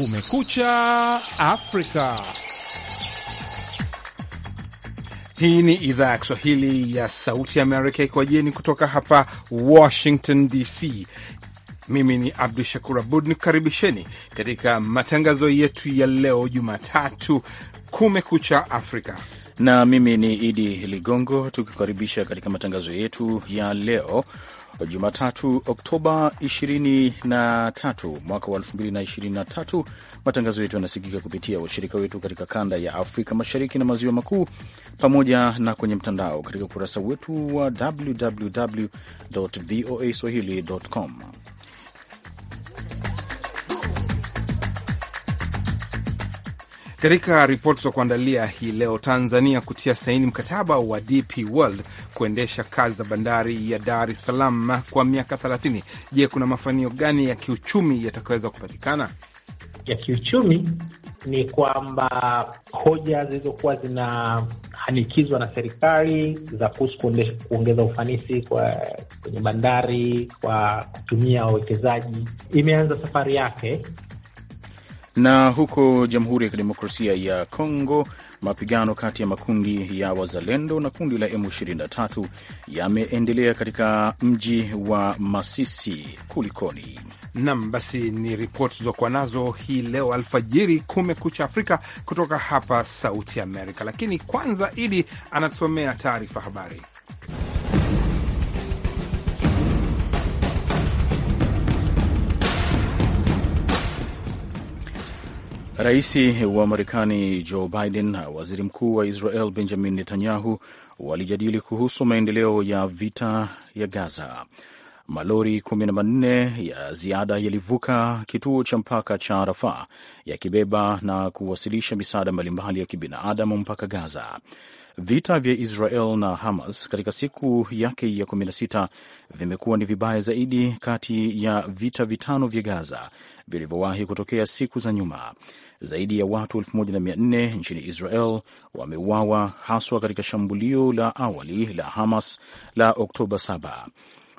Kumekucha Afrika. Hii ni idhaa ya Kiswahili ya Sauti ya Amerika ikiwajieni kutoka hapa Washington DC. Mimi ni Abdu Shakur Abud nikukaribisheni katika matangazo yetu ya leo Jumatatu, Kumekucha Afrika na mimi ni Idi Ligongo tukikaribisha katika matangazo yetu ya leo Jumatatu Oktoba 23 mwaka wa 2023. Matangazo yetu yanasikika kupitia washirika wetu katika kanda ya Afrika Mashariki na Maziwa Makuu, pamoja na kwenye mtandao katika ukurasa wetu wa www voa swahili.com. Katika ripoti za kuandalia hii leo, Tanzania kutia saini mkataba wa DP World kuendesha kazi za bandari ya Dar es Salaam kwa miaka 30. Je, kuna mafanikio gani ya kiuchumi yatakayoweza kupatikana? ya kiuchumi ni kwamba hoja zilizokuwa zinahanikizwa na serikali za kuhusu kuongeza ufanisi kwa kwenye bandari kwa kutumia wawekezaji imeanza safari yake, na huko Jamhuri ya Kidemokrasia ya Kongo, mapigano kati ya makundi ya Wazalendo na kundi la M23 yameendelea katika mji wa Masisi. Kulikoni? Nam, basi ni ripoti tulizokuwa nazo hii leo alfajiri, Kumekucha Afrika kutoka hapa Sauti Amerika. Lakini kwanza, Idi anatusomea taarifa habari. Rais wa Marekani Joe Biden na waziri mkuu wa Israel Benjamin Netanyahu walijadili kuhusu maendeleo ya vita ya Gaza. Malori kumi na manne ya ziada yalivuka kituo cha mpaka cha Rafah yakibeba na kuwasilisha misaada mbalimbali ya kibinadamu mpaka Gaza. Vita vya Israel na Hamas katika siku yake ya 16 vimekuwa ni vibaya zaidi kati ya vita vitano vya Gaza vilivyowahi kutokea siku za nyuma. Zaidi ya watu 1400 nchini Israel wameuawa haswa katika shambulio la awali la Hamas la Oktoba 7.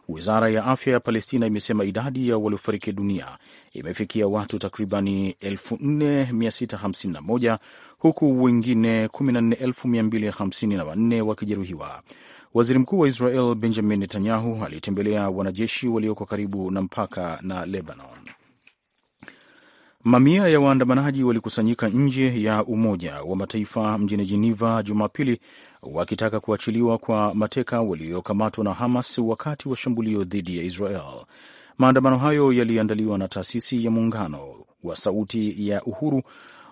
Wizara ya afya ya Palestina imesema idadi ya waliofariki dunia imefikia watu takribani 4651 huku wengine 14254 wakijeruhiwa. Waziri mkuu wa Israel Benjamin Netanyahu alitembelea wanajeshi walioko karibu na mpaka na Lebanon. Mamia ya waandamanaji walikusanyika nje ya Umoja wa Mataifa mjini Jeneva Jumapili wakitaka kuachiliwa kwa mateka waliokamatwa na Hamas wakati wa shambulio dhidi ya Israel. Maandamano hayo yaliandaliwa na taasisi ya Muungano wa Sauti ya Uhuru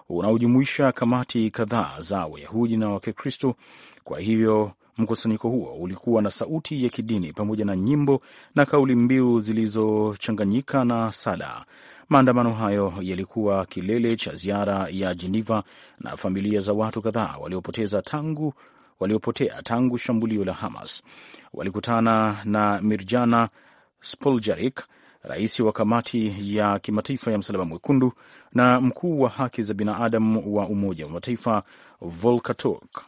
unaojumuisha kamati kadhaa za Wayahudi na Wakikristo. Kwa hivyo mkusanyiko huo ulikuwa na sauti ya kidini pamoja na nyimbo na kauli mbiu zilizochanganyika na sala. Maandamano hayo yalikuwa kilele cha ziara ya Geneva na familia za watu kadhaa waliopoteza tangu waliopotea tangu shambulio la Hamas. Walikutana na Mirjana spoljarik rais wa kamati ya kimataifa ya Msalaba Mwekundu, na mkuu wa haki za binadamu wa Umoja wa Mataifa Volker Turk.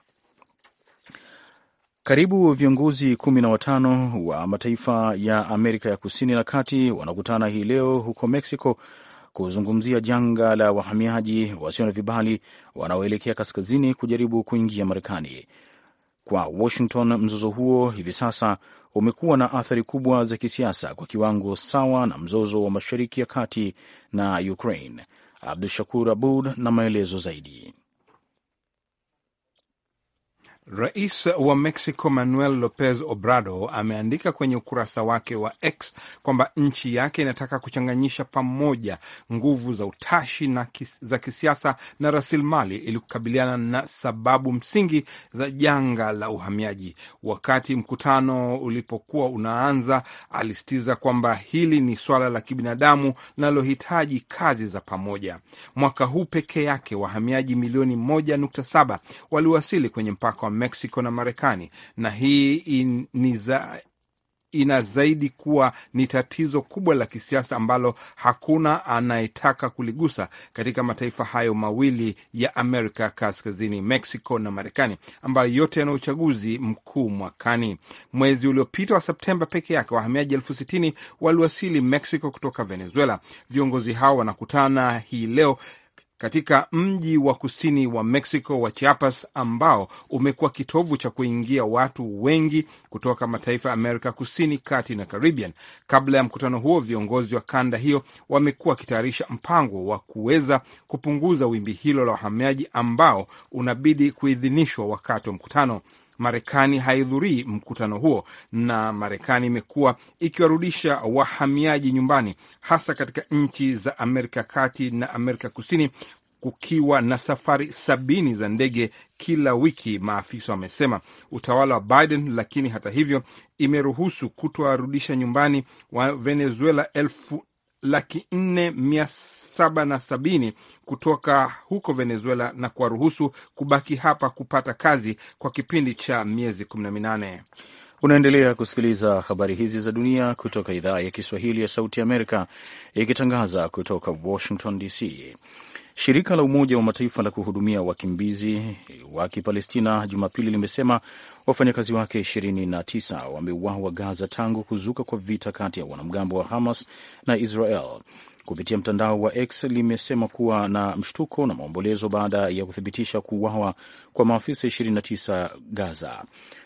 Karibu viongozi kumi na watano wa mataifa ya Amerika ya Kusini na Kati wanakutana hii leo huko Mexico kuzungumzia janga la wahamiaji wasio na vibali wanaoelekea kaskazini kujaribu kuingia Marekani. Kwa Washington, mzozo huo hivi sasa umekuwa na athari kubwa za kisiasa kwa kiwango sawa na mzozo wa Mashariki ya Kati na Ukraine. Abdu Shakur Abud na maelezo zaidi. Rais wa Mexico Manuel Lopez Obrador ameandika kwenye ukurasa wake wa X kwamba nchi yake inataka kuchanganyisha pamoja nguvu za utashi na kis, za kisiasa na rasilimali ili kukabiliana na sababu msingi za janga la uhamiaji. Wakati mkutano ulipokuwa unaanza, alisitiza kwamba hili ni swala la kibinadamu linalohitaji kazi za pamoja. Mwaka huu peke yake wahamiaji milioni 1.7 waliwasili kwenye mpaka wa Mexico na Marekani, na hii iniza ina zaidi kuwa ni tatizo kubwa la kisiasa ambalo hakuna anayetaka kuligusa katika mataifa hayo mawili ya Amerika Kaskazini, Mexico na Marekani, ambayo yote yana uchaguzi mkuu mwakani. Mwezi uliopita wa Septemba peke yake wahamiaji elfu sitini waliwasili Mexico kutoka Venezuela. Viongozi hao wanakutana hii leo katika mji wa kusini wa Mexico wa Chiapas ambao umekuwa kitovu cha kuingia watu wengi kutoka mataifa ya Amerika Kusini, Kati na Caribbean. Kabla ya mkutano huo, viongozi wa kanda hiyo wamekuwa wakitayarisha mpango wa kuweza kupunguza wimbi hilo la wahamiaji ambao unabidi kuidhinishwa wakati wa mkutano. Marekani haihudhurii mkutano huo, na Marekani imekuwa ikiwarudisha wahamiaji nyumbani, hasa katika nchi za Amerika Kati na Amerika Kusini, kukiwa na safari sabini za ndege kila wiki, maafisa wamesema. Utawala wa Biden lakini hata hivyo imeruhusu kutowarudisha nyumbani wa Venezuela elfu laki nne mia saba na sabini kutoka huko Venezuela na kuwaruhusu kubaki hapa kupata kazi kwa kipindi cha miezi kumi na minane. Unaendelea kusikiliza habari hizi za dunia kutoka idhaa ya Kiswahili ya Sauti ya Amerika ikitangaza kutoka Washington DC. Shirika la Umoja wa Mataifa la kuhudumia wakimbizi wa Kipalestina Jumapili limesema wafanyakazi wake 29 wameuawa Gaza tangu kuzuka kwa vita kati ya wanamgambo wa Hamas na Israel. Kupitia mtandao wa X limesema kuwa na mshtuko na maombolezo baada ya kuthibitisha kuuawa kwa maafisa 29 Gaza.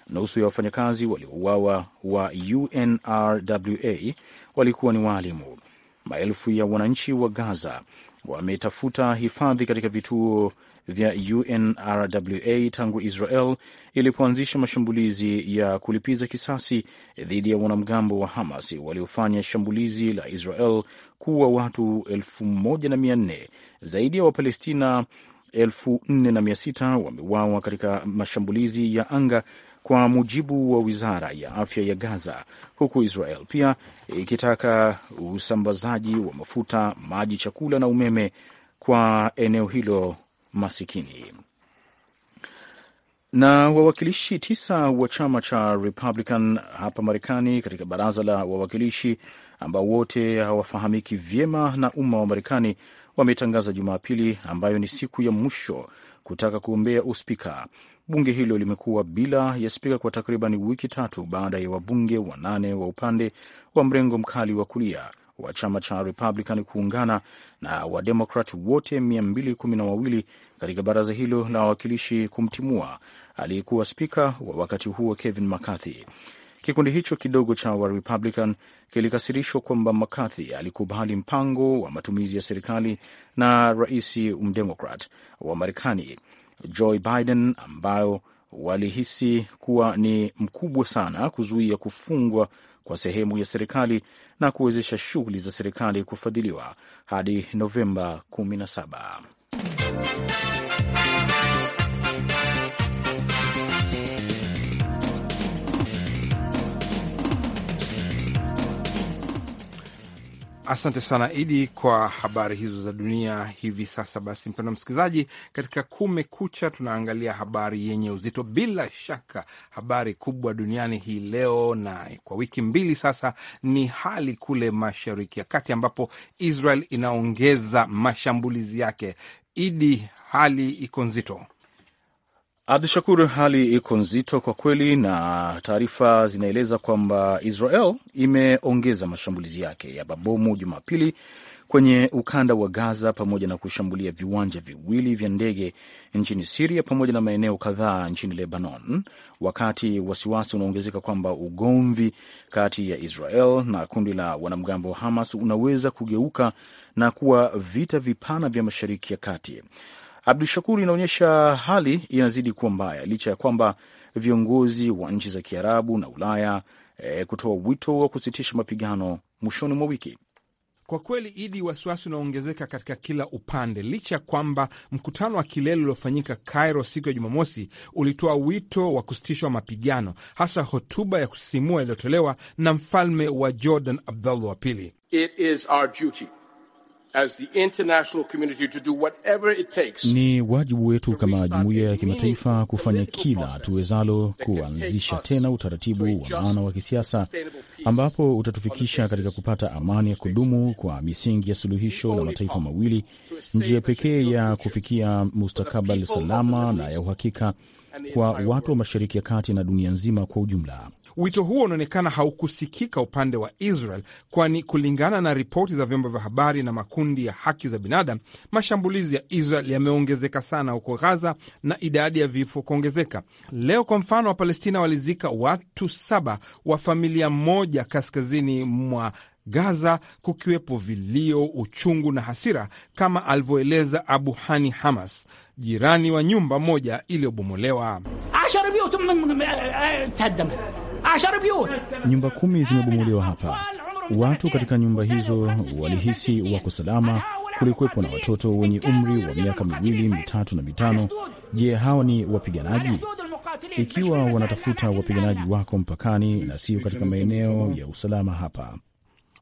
Nusu ya wafanyakazi waliouawa wa UNRWA walikuwa ni waalimu maelfu ya wananchi wa Gaza wametafuta hifadhi katika vituo vya UNRWA tangu Israel ilipoanzisha mashambulizi ya kulipiza kisasi dhidi ya wanamgambo wa Hamas waliofanya shambulizi la Israel kuwa watu 1400. Zaidi ya Wapalestina 4600 wameuawa katika mashambulizi ya anga kwa mujibu wa wizara ya afya ya Gaza, huku Israel pia ikitaka usambazaji wa mafuta, maji, chakula na umeme kwa eneo hilo masikini. Na wawakilishi tisa wa chama cha Republican hapa Marekani katika baraza la wawakilishi ambao wote hawafahamiki vyema na umma wa Marekani wametangaza Jumapili, ambayo ni siku ya mwisho, kutaka kuombea uspika. Bunge hilo limekuwa bila ya spika kwa takriban wiki tatu baada ya wabunge wanane wa upande wa mrengo mkali wa kulia wa chama cha Republican kuungana na Wademokrat wote 212 katika baraza hilo la wawakilishi kumtimua aliyekuwa spika wa wakati huo Kevin McCarthy. Kikundi hicho kidogo cha Warepublican kilikasirishwa kwamba McCarthy alikubali mpango wa matumizi ya serikali na rais mdemokrat wa Marekani Joe Biden ambayo walihisi kuwa ni mkubwa sana kuzuia kufungwa kwa sehemu ya serikali na kuwezesha shughuli za serikali kufadhiliwa hadi Novemba 17. Asante sana Idi kwa habari hizo za dunia hivi sasa. Basi mpendwa msikilizaji, katika Kumekucha tunaangalia habari yenye uzito, bila shaka habari kubwa duniani hii leo na kwa wiki mbili sasa ni hali kule Mashariki ya Kati ambapo Israel inaongeza mashambulizi yake. Idi, hali iko nzito. Abdu Shakur, hali iko nzito kwa kweli, na taarifa zinaeleza kwamba Israel imeongeza mashambulizi yake ya mabomu Jumapili kwenye ukanda wa Gaza pamoja na kushambulia viwanja viwili vya ndege nchini Siria pamoja na maeneo kadhaa nchini Lebanon, wakati wasiwasi unaongezeka kwamba ugomvi kati ya Israel na kundi la wanamgambo wa Hamas unaweza kugeuka na kuwa vita vipana vya Mashariki ya Kati. Abdu Shakur, inaonyesha hali inazidi kuwa mbaya licha ya kwamba viongozi wa nchi za Kiarabu na Ulaya e, kutoa wito wa kusitisha mapigano mwishoni mwa wiki. Kwa kweli Idi, wasiwasi unaongezeka katika kila upande, licha ya kwamba mkutano wa kilele uliofanyika Cairo siku ya Jumamosi ulitoa wito wa kusitishwa mapigano, hasa hotuba ya kusisimua iliyotolewa na mfalme wa Jordan Abdullah wa pili. It is our duty As the international community to do whatever it takes. Ni wajibu wetu kama jumuiya ya kimataifa kufanya kila tuwezalo kuanzisha tena utaratibu wa maana wa kisiasa ambapo utatufikisha katika kupata amani ya kudumu kwa misingi ya suluhisho la mataifa mawili, njia pekee ya kufikia mustakabali salama na ya uhakika kwa watu wa Mashariki ya Kati na dunia nzima kwa ujumla. Wito huo unaonekana haukusikika upande wa Israel, kwani kulingana na ripoti za vyombo vya habari na makundi ya haki za binadamu, mashambulizi ya Israel yameongezeka sana huko Gaza na idadi ya vifo kuongezeka. Leo kwa mfano, Wapalestina walizika watu saba wa familia moja kaskazini mwa Gaza kukiwepo vilio, uchungu na hasira, kama alivyoeleza Abu Hani Hamas, jirani wa nyumba moja iliyobomolewa. E, e, nyumba kumi zimebomolewa hapa. Watu katika nyumba hizo walihisi wako salama. Kulikuwepo na watoto wenye umri wa miaka miwili, mitatu na mitano. Je, hawa ni wapiganaji? Ikiwa wanatafuta wapiganaji wako mpakani na sio katika maeneo ya usalama hapa.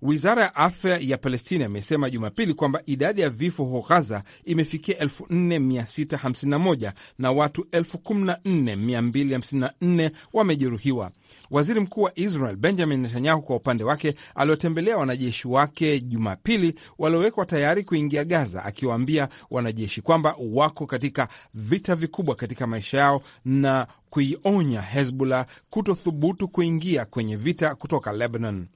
Wizara ya afya ya Palestina imesema Jumapili kwamba idadi ya vifo huko Ghaza imefikia 4651 na watu 14254 wamejeruhiwa. Waziri Mkuu wa Israel Benjamin Netanyahu kwa upande wake aliotembelea wanajeshi wake Jumapili waliowekwa tayari kuingia Gaza, akiwaambia wanajeshi kwamba wako katika vita vikubwa katika maisha yao na kuionya Hezbollah kutothubutu kuingia kwenye vita kutoka Lebanon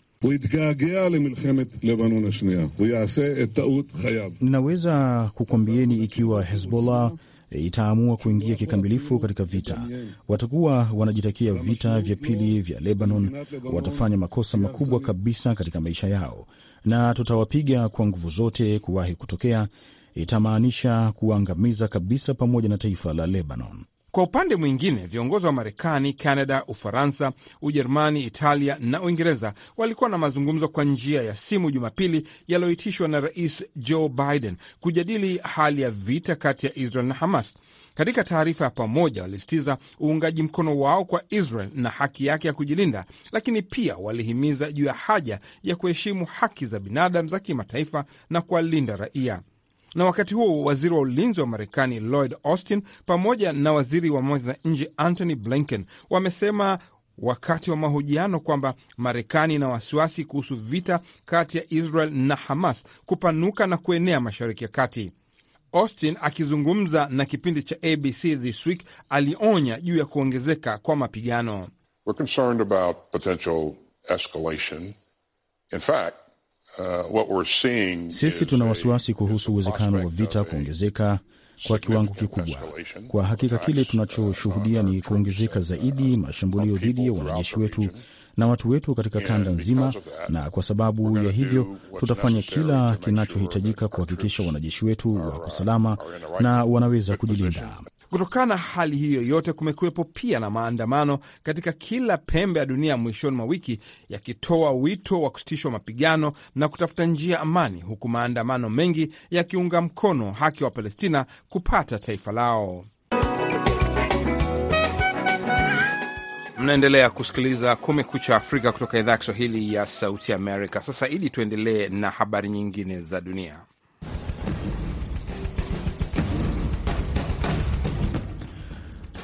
ninaweza kukwambieni ikiwa Hezbollah itaamua kuingia kikamilifu katika vita, watakuwa wanajitakia vita vya pili vya Lebanon. Watafanya makosa makubwa kabisa katika maisha yao, na tutawapiga kwa nguvu zote kuwahi kutokea. Itamaanisha kuwaangamiza kabisa pamoja na taifa la Lebanon. Kwa upande mwingine, viongozi wa Marekani, canada Ufaransa, Ujerumani, Italia na Uingereza walikuwa na mazungumzo kwa njia ya simu Jumapili yaliyoitishwa na Rais Joe Biden kujadili hali ya vita kati ya Israel na Hamas. Katika taarifa ya pamoja walisitiza uungaji mkono wao kwa Israel na haki yake ya kujilinda, lakini pia walihimiza juu ya haja ya kuheshimu haki za binadamu za kimataifa na kuwalinda raia. Na wakati huo waziri wa ulinzi wa Marekani Lloyd Austin pamoja na waziri wa mambo za nje Antony Blinken wamesema wakati wa mahojiano kwamba Marekani ina wasiwasi kuhusu vita kati ya Israel na Hamas kupanuka na kuenea Mashariki ya Kati. Austin akizungumza na kipindi cha ABC This Week alionya juu ya kuongezeka kwa mapigano. We're concerned about potential escalation. In fact, Uh, sisi tuna wasiwasi kuhusu uwezekano wa vita kuongezeka kwa kiwango kikubwa. Kwa hakika kile uh, tunachoshuhudia ni kuongezeka zaidi mashambulio dhidi ya wanajeshi wetu na watu wetu katika kanda nzima, na kwa sababu ya hivyo tutafanya kila kinachohitajika kuhakikisha wanajeshi wetu wako uh, salama na wanaweza kujilinda. Kutokana na hali hiyo yote, kumekuwepo pia na maandamano katika kila pembe ya dunia mwishoni mwa wiki yakitoa wito wa kusitishwa mapigano na kutafuta njia amani, huku maandamano mengi yakiunga mkono haki wa Palestina kupata taifa lao. Mnaendelea kusikiliza Kumekucha Afrika kutoka idhaa ya Kiswahili ya Sauti Amerika. Sasa ili tuendelee na habari nyingine za dunia.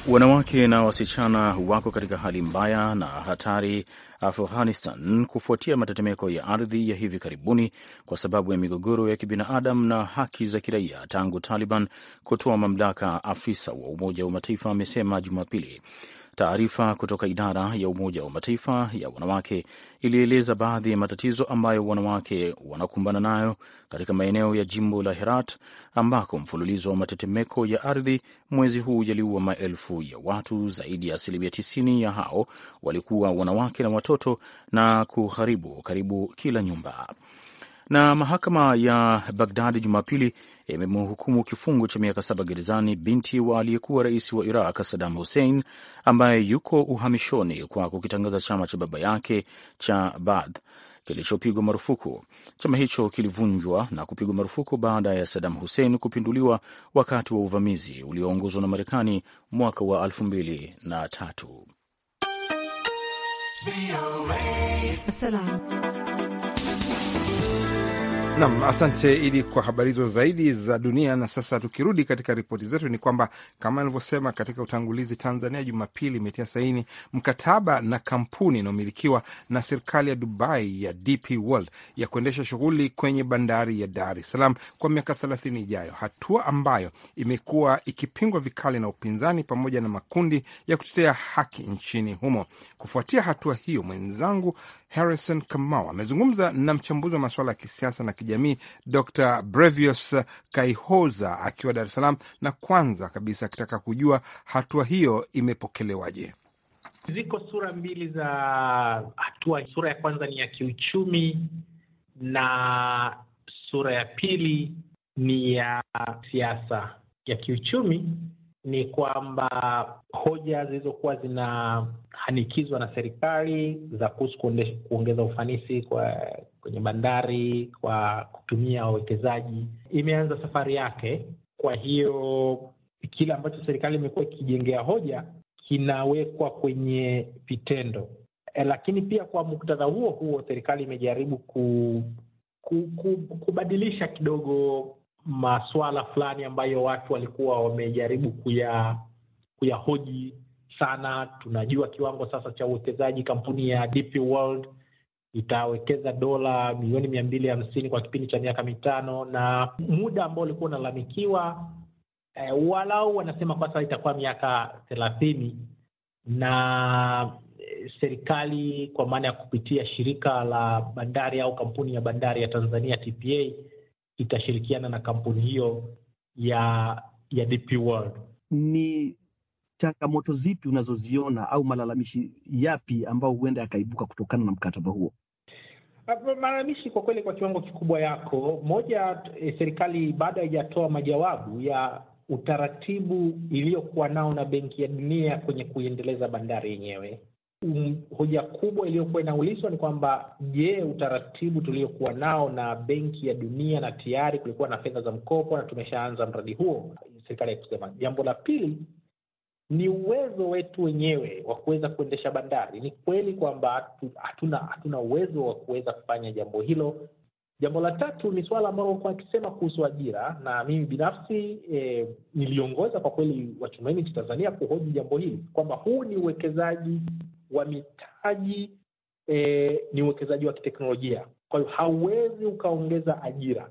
Wanawake na wasichana wako katika hali mbaya na hatari Afghanistan kufuatia matetemeko ya ardhi ya hivi karibuni kwa sababu ya migogoro ya kibinadamu na haki za kiraia tangu Taliban kutoa mamlaka, afisa wa Umoja wa Mataifa amesema Jumapili. Taarifa kutoka idara ya Umoja wa Mataifa ya wanawake ilieleza baadhi ya matatizo ambayo wanawake wanakumbana nayo katika maeneo ya jimbo la Herat ambako mfululizo wa matetemeko ya ardhi mwezi huu yaliua maelfu ya watu. Zaidi ya asilimia 90 ya hao walikuwa wanawake na watoto na kuharibu karibu kila nyumba. Na mahakama ya Bagdadi Jumapili imemhukumu kifungo cha miaka saba gerezani binti wa aliyekuwa rais wa Iraq Saddam Hussein ambaye yuko uhamishoni kwa kukitangaza chama cha baba yake cha Baath kilichopigwa marufuku. Chama hicho kilivunjwa na kupigwa marufuku baada ya Saddam Hussein kupinduliwa wakati wa uvamizi ulioongozwa na Marekani mwaka wa 2003. Nam, asante Idi kwa habari hizo zaidi za dunia. Na sasa tukirudi katika ripoti zetu, ni kwamba kama alivyosema katika utangulizi, Tanzania Jumapili imetia saini mkataba na kampuni inayomilikiwa na serikali ya Dubai ya DP World ya kuendesha shughuli kwenye bandari ya Dar es Salaam kwa miaka thelathini ijayo, hatua ambayo imekuwa ikipingwa vikali na upinzani pamoja na makundi ya kutetea haki nchini humo. Kufuatia hatua hiyo, mwenzangu Harrison Kamau amezungumza na mchambuzi wa masuala ya kisiasa na kijamii Dr Brevius Kaihoza akiwa Dar es Salaam, na kwanza kabisa akitaka kujua hatua hiyo imepokelewaje. Ziko sura mbili za hatua. Sura ya kwanza ni ya kiuchumi na sura ya pili ni ya siasa. Ya kiuchumi ni kwamba hoja zilizokuwa zinahanikizwa na serikali za kuhusu kuongeza ufanisi kwa kwenye bandari kwa kutumia wawekezaji imeanza safari yake. Kwa hiyo kile ambacho serikali imekuwa ikijengea hoja kinawekwa kwenye vitendo e, lakini pia kwa muktadha huo huo serikali imejaribu ku, ku, ku, kubadilisha kidogo maswala fulani ambayo watu walikuwa wamejaribu kuya kuyahoji sana. Tunajua kiwango sasa cha uwekezaji, kampuni ya DP World itawekeza dola milioni mia mbili hamsini kwa kipindi cha miaka mitano na muda ambao ulikuwa unalalamikiwa e, walau wanasema kwa sasa itakuwa miaka thelathini na eh, serikali kwa maana ya kupitia shirika la bandari au kampuni ya bandari ya Tanzania TPA itashirikiana na kampuni hiyo ya ya DP World. Ni changamoto zipi unazoziona au malalamishi yapi ambayo huenda yakaibuka kutokana na mkataba huo? Uh, malalamishi kwa kweli, kwa kiwango kikubwa yako moja, e, serikali bado haijatoa majawabu ya utaratibu iliyokuwa nao na Benki ya Dunia kwenye kuiendeleza bandari yenyewe um, hoja kubwa iliyokuwa inaulizwa ni kwamba je, utaratibu tuliokuwa nao na Benki ya Dunia na tayari kulikuwa na fedha za mkopo na tumeshaanza mradi huo, serikali haikusema. Jambo la pili ni uwezo wetu wenyewe wa kuweza kuendesha bandari. Ni kweli kwamba hatuna hatuna uwezo wa kuweza kufanya jambo hilo. Jambo la tatu ni suala ambalo kuwa akisema kuhusu ajira, na mimi binafsi e, niliongoza kwa kweli Wachumi Tanzania kuhoji jambo hili kwamba huu ni uwekezaji wa mitaji e, ni uwekezaji wa kiteknolojia. Kwa hiyo hauwezi ukaongeza ajira.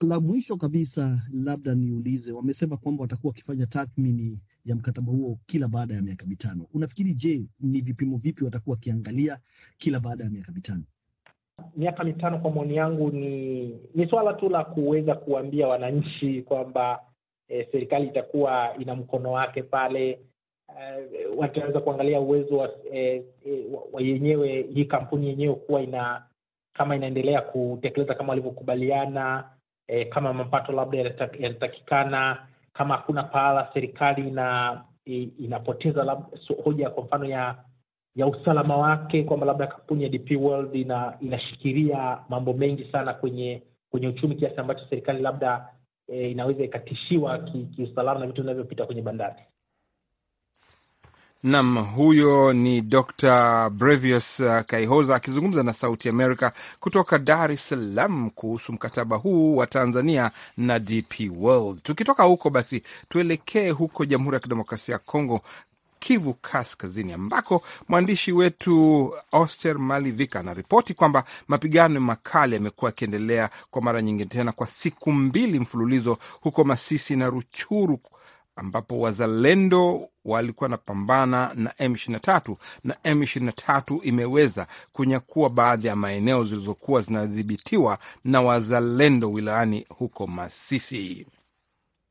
La mwisho kabisa, labda niulize, wamesema kwamba watakuwa wakifanya tathmini ya mkataba huo kila baada ya miaka mitano. Unafikiri je, ni vipimo vipi watakuwa wakiangalia kila baada ya miaka mitano? Miaka mitano kwa maoni yangu ni ni swala tu la kuweza kuwambia wananchi kwamba e, serikali itakuwa ina mkono wake pale uh, eh, wataweza kuangalia uwezo wa, eh, eh wa yenyewe hii kampuni yenyewe kuwa ina kama inaendelea kutekeleza kama walivyokubaliana eh, kama mapato labda yanatakikana kama hakuna pahala serikali ina inapoteza so, hoja kwa mfano ya ya usalama wake kwamba labda kampuni ya DP World ina, inashikilia mambo mengi sana kwenye kwenye uchumi kiasi ambacho serikali labda e, inaweza ikatishiwa kiusalama ki na vitu vinavyopita kwenye bandari. Nam, huyo ni Dr Brevius uh, Kaihoza akizungumza na Sauti Amerika kutoka Dar es Salaam kuhusu mkataba huu wa Tanzania na DP World. Tukitoka huko, basi tuelekee huko Jamhuri ya Kidemokrasia ya Kongo, Kivu Kaskazini, ambako mwandishi wetu Oster Malivika anaripoti kwamba mapigano makali yamekuwa yakiendelea kwa mara nyingine tena kwa siku mbili mfululizo huko Masisi na Ruchuru ambapo wazalendo walikuwa wanapambana na M23 na M23 imeweza kunyakua baadhi ya maeneo zilizokuwa zinadhibitiwa na wazalendo wilayani huko Masisi.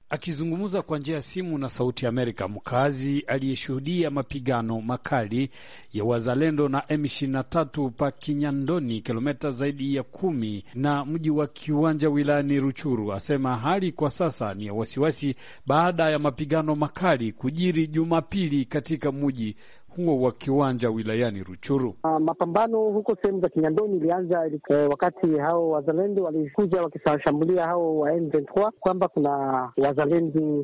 Akizungumza kwa njia ya simu na Sauti Amerika, mkazi aliyeshuhudia mapigano makali ya wazalendo na M23 pa Kinyandoni, kilometa zaidi ya kumi na mji wa Kiwanja wilayani Ruchuru, asema hali kwa sasa ni ya wasiwasi baada ya mapigano makali kujiri Jumapili katika mji huo wa kiwanja wilayani Ruchuru. Uh, mapambano huko sehemu za Kinyandoni ilianza eh, wakati hao wazalendo walikuja wakishambulia hao wa M23 kwamba kuna wazalendo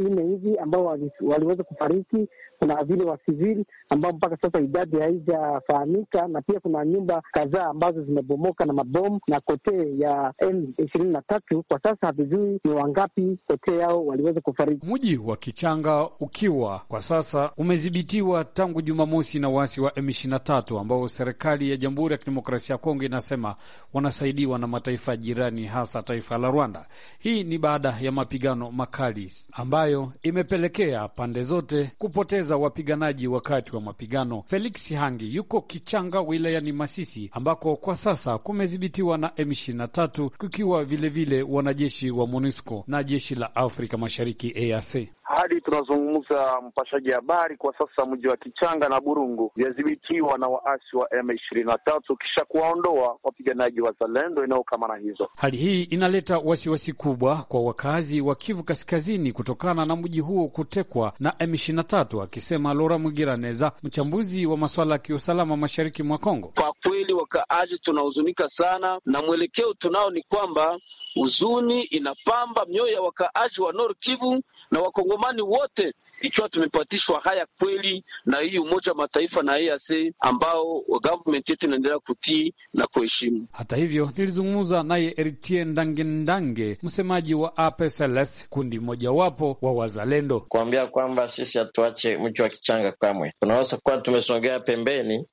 nne hivi ambao waliweza kufariki, kuna vile wa sivili ambao mpaka sasa idadi haijafahamika, na pia kuna nyumba kadhaa ambazo zimebomoka na mabomu na kotee ya M ishirini na tatu. Kwa sasa hatujui ni wangapi kotee yao waliweza kufariki. Mji wa Kichanga ukiwa kwa sasa umedhibitiwa tangu tangu Jumamosi na waasi wa M23 ambao serikali ya Jamhuri ya Kidemokrasia ya Kongo inasema wanasaidiwa na mataifa jirani, hasa taifa la Rwanda. Hii ni baada ya mapigano makali ambayo imepelekea pande zote kupoteza wapiganaji wakati wa mapigano. Felix Hangi yuko Kichanga wilayani Masisi, ambako kwa sasa kumedhibitiwa na M23 kukiwa vilevile wanajeshi wa MONUSCO na jeshi la Afrika Mashariki EAC. Hadi tunazungumza mpashaji habari kwa sasa mji wa Kichanga na Burungu vyadhibitiwa na waasi wa M 23 na tatu kisha kuwaondoa wapiganaji wa Zalendo inayokamana hizo. Hali hii inaleta wasiwasi wasi kubwa kwa wakazi wa Kivu Kaskazini kutokana na mji huo kutekwa na M 23 akisema Lora Mwigiraneza, mchambuzi wa masuala ya kiusalama mashariki mwa Kongo. Kwa kweli wakaaji tunahuzunika sana na mwelekeo tunao ni kwamba huzuni inapamba mioyo ya wakaaji wa Nord Kivu na wakongomani wote ikiwa tumepatishwa haya kweli na hii Umoja Mataifa na EAC ambao government yetu inaendelea kutii na kuheshimu. Hata hivyo, nilizungumza naye Eritie Ndangendange, msemaji wa APSLS, kundi mojawapo wa wazalendo, kuambia kwamba sisi hatuache mchi wa kichanga kamwe. Tunaweza kuwa tumesongea pembeni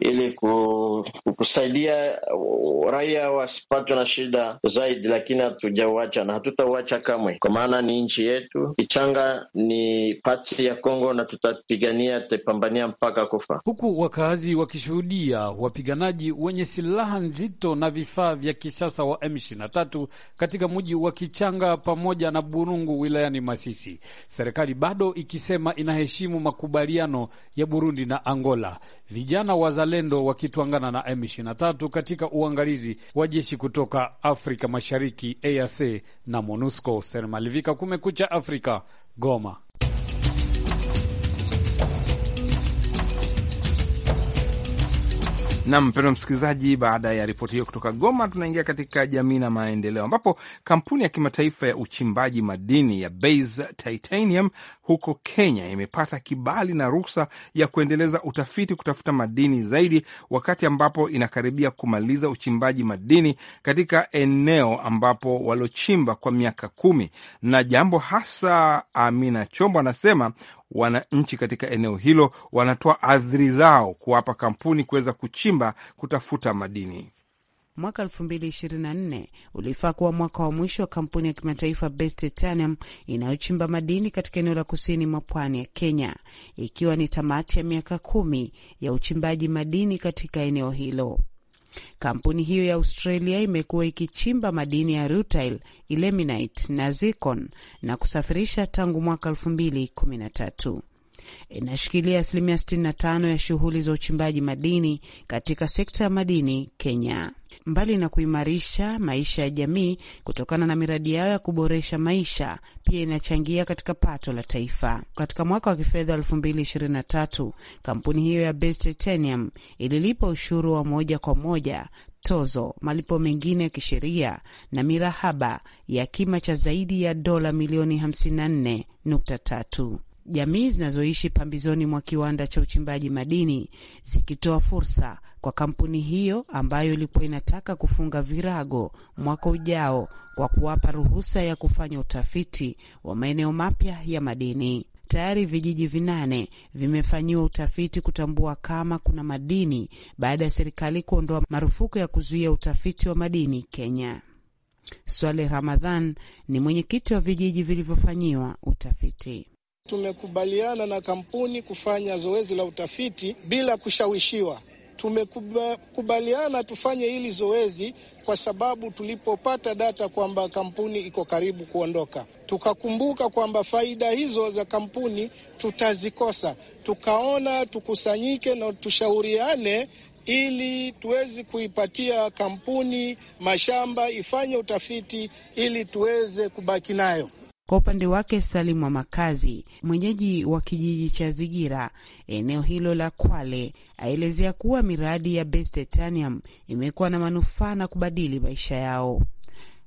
ili kusaidia raia wasipatwe na shida zaidi, lakini hatujauacha na hatutauacha kamwe, kwa maana ni nchi yetu. Kichanga ni pati ya Kongo na tutapigania, tutapambania mpaka kufa, huku wakazi wakishuhudia wapiganaji wenye silaha nzito na vifaa vya kisasa wa M23 katika mji wa Kichanga pamoja na Burungu wilayani Masisi, serikali bado ikisema inaheshimu makubaliano ya Burundi na Angola. Vijana wa wazalendo wakitwangana na M23 katika uangalizi wa jeshi kutoka Afrika Mashariki, EAC na MONUSCO. Sermalivika, Kumekucha Afrika, Goma. Nam mpendwa msikilizaji, baada ya ripoti hiyo kutoka Goma, tunaingia katika jamii na maendeleo, ambapo kampuni ya kimataifa ya uchimbaji madini ya Base Titanium huko Kenya imepata kibali na ruhusa ya kuendeleza utafiti kutafuta madini zaidi, wakati ambapo inakaribia kumaliza uchimbaji madini katika eneo ambapo waliochimba kwa miaka kumi. Na jambo hasa, Amina Chombo anasema wananchi katika eneo hilo wanatoa ardhi zao kuwapa kampuni kuweza kuchimba kutafuta madini. Mwaka 2024 ulifaa kuwa mwaka wa mwisho wa kampuni ya kimataifa Best Titanium inayochimba madini katika eneo la kusini mwa pwani ya Kenya, ikiwa ni tamati ya miaka kumi ya uchimbaji madini katika eneo hilo. Kampuni hiyo ya Australia imekuwa ikichimba madini ya rutile, ilmenite na zircon na kusafirisha tangu mwaka 2013 inashikilia asilimia 65 ya shughuli za uchimbaji madini katika sekta ya madini Kenya. Mbali na kuimarisha maisha ya jamii kutokana na miradi yao ya kuboresha maisha, pia inachangia katika pato la taifa. Katika mwaka wa kifedha 2023 kampuni hiyo ya Base Titanium ililipa ushuru wa moja kwa moja tozo, malipo mengine ya kisheria na mirahaba ya kima cha zaidi ya dola milioni 54.3 jamii zinazoishi pambizoni mwa kiwanda cha uchimbaji madini zikitoa fursa kwa kampuni hiyo ambayo ilikuwa inataka kufunga virago mwaka ujao kwa kuwapa ruhusa ya kufanya utafiti wa maeneo mapya ya madini. Tayari vijiji vinane vimefanyiwa utafiti kutambua kama kuna madini baada ya serikali kuondoa marufuku ya kuzuia utafiti wa madini Kenya. Swale Ramadhan ni mwenyekiti wa vijiji vilivyofanyiwa utafiti. Tumekubaliana na kampuni kufanya zoezi la utafiti bila kushawishiwa. Tumekubaliana tufanye hili zoezi kwa sababu tulipopata data kwamba kampuni iko karibu kuondoka, tukakumbuka kwamba faida hizo za kampuni tutazikosa, tukaona tukusanyike na tushauriane ili tuweze kuipatia kampuni mashamba ifanye utafiti ili tuweze kubaki nayo. Kwa upande wake Salim wa Makazi, mwenyeji wa kijiji cha Zigira, eneo hilo la Kwale, aelezea kuwa miradi ya Best Titanium imekuwa na manufaa na kubadili maisha yao.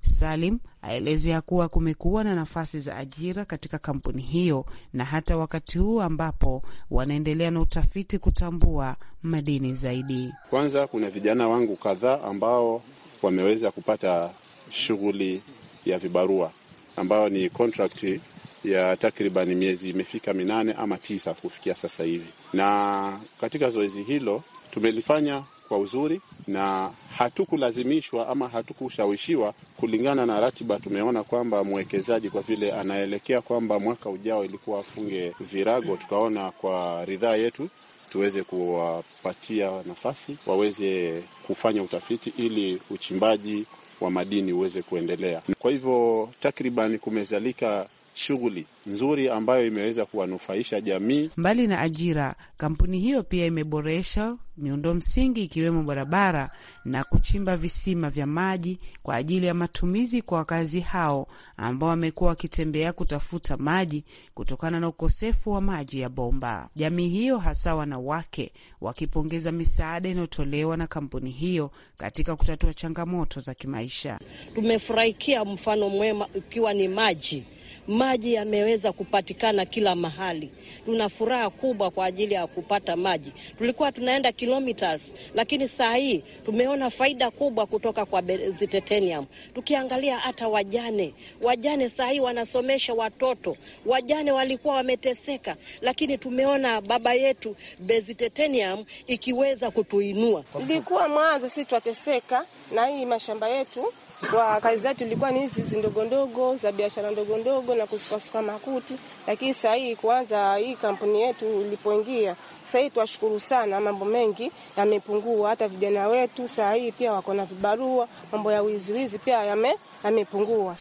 Salim aelezea kuwa kumekuwa na nafasi za ajira katika kampuni hiyo na hata wakati huu ambapo wanaendelea na utafiti kutambua madini zaidi. Kwanza kuna vijana wangu kadhaa ambao wameweza kupata shughuli ya vibarua ambayo ni kontrakti ya takriban miezi imefika minane ama tisa kufikia sasa hivi, na katika zoezi hilo tumelifanya kwa uzuri na hatukulazimishwa ama hatukushawishiwa kulingana na ratiba. Tumeona kwamba mwekezaji kwa vile anaelekea kwamba mwaka ujao ilikuwa afunge virago, tukaona kwa ridhaa yetu tuweze kuwapatia nafasi waweze kufanya utafiti ili uchimbaji wa madini uweze kuendelea. Kwa hivyo takriban kumezalika shughuli nzuri ambayo imeweza kuwanufaisha jamii. Mbali na ajira, kampuni hiyo pia imeboresha miundo msingi ikiwemo barabara na kuchimba visima vya maji kwa ajili ya matumizi kwa wakazi hao ambao wamekuwa wakitembea kutafuta maji kutokana na ukosefu wa maji ya bomba. Jamii hiyo hasa wanawake wakipongeza misaada inayotolewa na kampuni hiyo katika kutatua changamoto za kimaisha. Tumefurahikia mfano mwema, ukiwa ni maji Maji yameweza kupatikana kila mahali, tuna furaha kubwa kwa ajili ya kupata maji. Tulikuwa tunaenda kilometers, lakini saa hii tumeona faida kubwa kutoka kwa Zitetenium. Tukiangalia hata wajane, wajane saa hii wanasomesha watoto, wajane walikuwa wameteseka, lakini tumeona baba yetu Bezitetenium ikiweza kutuinua. Ilikuwa mwanzo sisi twateseka na hii mashamba yetu kwa kazi zetu ilikuwa ni hizi ndogo ndogo za biashara ndogo ndogo na kusukasuka makuti, lakini sasa hii kuanza hii kampuni yetu ilipoingia sasa hii twashukuru sana, mambo mengi yamepungua. Hata vijana wetu saa hii pia wako na vibarua, mambo ya wiziwizi pia yame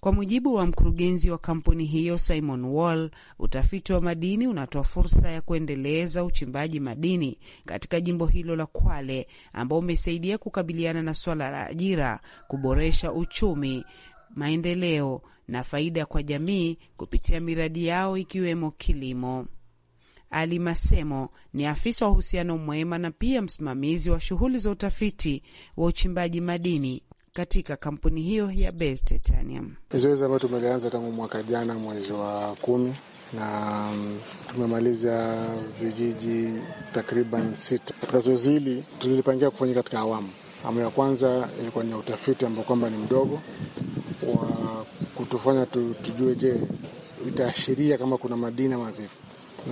Kwa mujibu wa mkurugenzi wa kampuni hiyo Simon Wall, utafiti wa madini unatoa fursa ya kuendeleza uchimbaji madini katika jimbo hilo la Kwale, ambao umesaidia kukabiliana na swala la ajira, kuboresha uchumi, maendeleo na faida kwa jamii kupitia miradi yao ikiwemo kilimo. Ali Masemo ni afisa wa uhusiano mwema na pia msimamizi wa shughuli za utafiti wa uchimbaji madini katika kampuni hiyo ya Base Titanium. Zoezi ambayo tumelianza tangu mwaka jana mwezi wa kumi na mm, tumemaliza vijiji takriban sita. Katika zoezi hili tulilipangia kufanyika katika awamu. Awamu ya kwanza ilikuwa ni utafiti ambao kwamba ni mdogo wa kutufanya tujue, je, itaashiria kama kuna madini ama vipi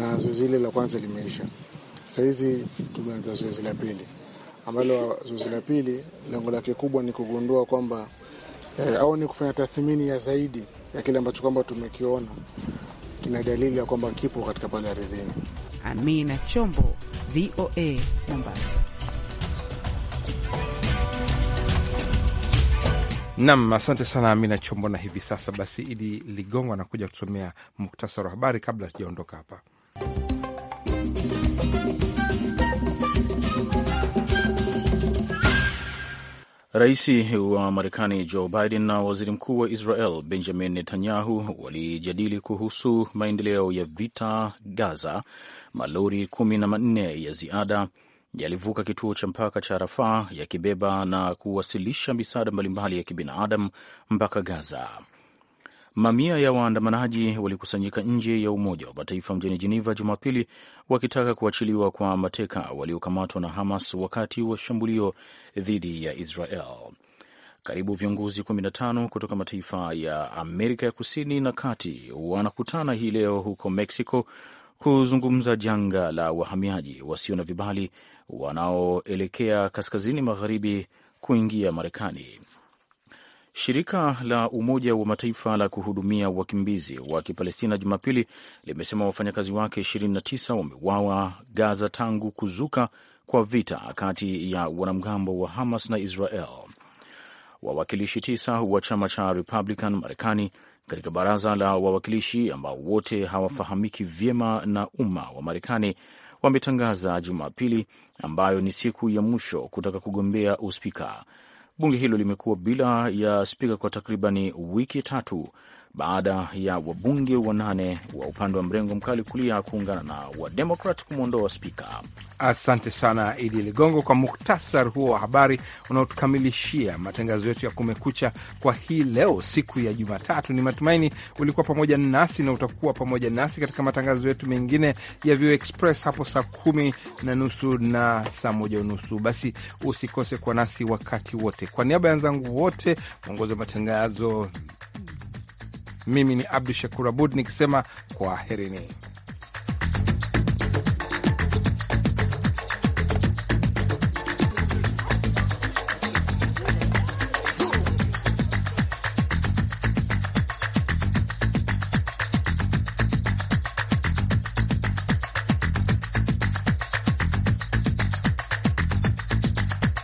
na zoezi hili la kwanza limeisha. Sahizi tumeanza zoezi la pili, ambalo zoezi la pili lengo lake kubwa ni kugundua kwamba eh, au ni kufanya tathmini ya zaidi ya kile ambacho kwamba tumekiona kina dalili ya kwamba kipo katika pale ardhini. Amina Chombo, VOA, Mombasa. Nam, asante sana Amina Chombo. Na hivi sasa basi, Idi Ligongo anakuja kutusomea muktasari wa habari kabla hatujaondoka hapa. Rais wa Marekani Joe Biden na waziri mkuu wa Israel Benjamin Netanyahu walijadili kuhusu maendeleo ya vita Gaza. Malori kumi na manne ya ziada yalivuka kituo cha mpaka cha Rafaa yakibeba na kuwasilisha misaada mbalimbali ya kibinadamu mpaka Gaza. Mamia ya waandamanaji walikusanyika nje ya Umoja wa Mataifa mjini Jeneva Jumapili wakitaka kuachiliwa kwa mateka waliokamatwa na Hamas wakati wa shambulio dhidi ya Israel. Karibu viongozi 15 kutoka mataifa ya Amerika ya Kusini na Kati wanakutana hii leo huko Mexico kuzungumza janga la wahamiaji wasio na vibali wanaoelekea kaskazini magharibi kuingia Marekani. Shirika la Umoja wa Mataifa la kuhudumia wakimbizi wa Kipalestina Jumapili limesema wafanyakazi wake 29 wameuawa Gaza tangu kuzuka kwa vita kati ya wanamgambo wa Hamas na Israel. Wawakilishi tisa wa chama cha Republican Marekani katika baraza la wawakilishi ambao wote hawafahamiki vyema na umma wa Marekani wametangaza Jumapili, ambayo ni siku ya mwisho, kutaka kugombea uspika. Bunge hilo limekuwa bila ya spika kwa takribani wiki tatu baada ya wabunge wanane wa upande wa mrengo mkali kulia kuungana na wademokrat kumwondoa spika. Asante sana Idi Ligongo kwa muktasar huo wa habari unaotukamilishia matangazo yetu ya Kumekucha kwa hii leo, siku ya Jumatatu. Ni matumaini ulikuwa pamoja nasi na utakuwa pamoja nasi katika matangazo yetu mengine ya VOA Express hapo saa kumi na nusu na saa moja unusu. Basi usikose kwa nasi wakati wote. Kwa niaba ya wenzangu wote, mwongozi wa matangazo mimi ni Abdu Shakur Abud nikisema kwaherini.